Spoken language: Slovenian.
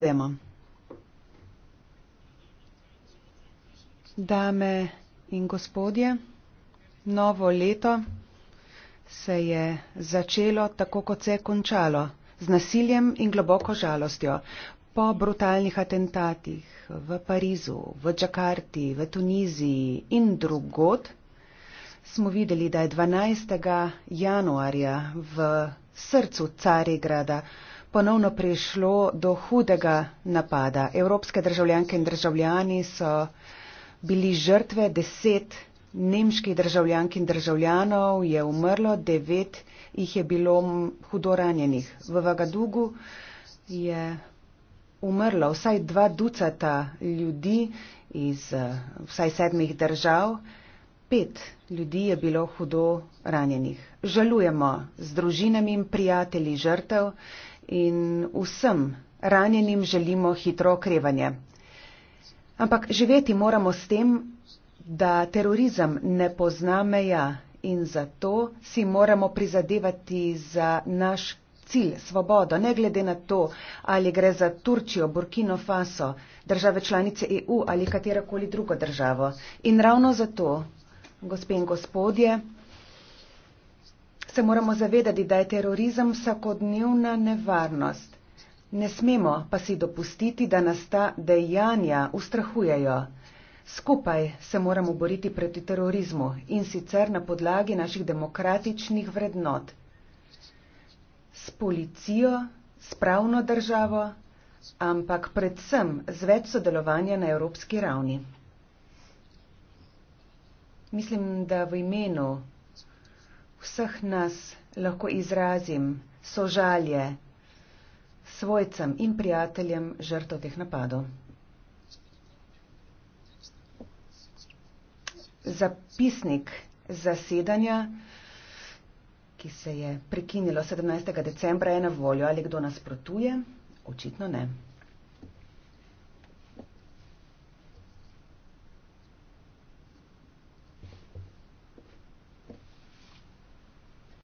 Demo. Dame in gospodje, novo leto se je začelo tako, kot se je končalo, z nasiljem in globoko žalostjo. Po brutalnih atentatih v Parizu, v Džakarti, v Tuniziji in drugod smo videli, da je 12. januarja v srcu Carigrada ponovno prišlo do hudega napada. Evropske državljanke in državljani so bili žrtve, deset nemških državljank in državljanov je umrlo, devet jih je bilo hudo ranjenih. V Vagadugu je umrlo vsaj dva ducata ljudi iz eh, vsaj sedmih držav. Pet ljudi je bilo hudo ranjenih. Žalujemo z družinami in prijatelji žrtev in vsem ranjenim želimo hitro okrevanje. Ampak živeti moramo s tem, da terorizem ne pozna meja in zato si moramo prizadevati za naš cilj, svobodo, ne glede na to, ali gre za Turčijo, Burkino Faso, države članice EU ali katerokoli drugo državo. In ravno zato gospe in gospodje, se moramo zavedati, da je terorizem vsakodnevna nevarnost. Ne smemo pa si dopustiti, da nas ta dejanja ustrahujejo. Skupaj se moramo boriti proti terorizmu in sicer na podlagi naših demokratičnih vrednot. S policijo, s pravno državo, ampak predvsem z več sodelovanja na evropski ravni. Mislim, da v imenu vseh nas lahko izrazim sožalje svojcem in prijateljem žrtov teh napadov. Zapisnik zasedanja, ki se je prekinilo 17. decembra, je na voljo. Ali kdo nasprotuje? Očitno ne.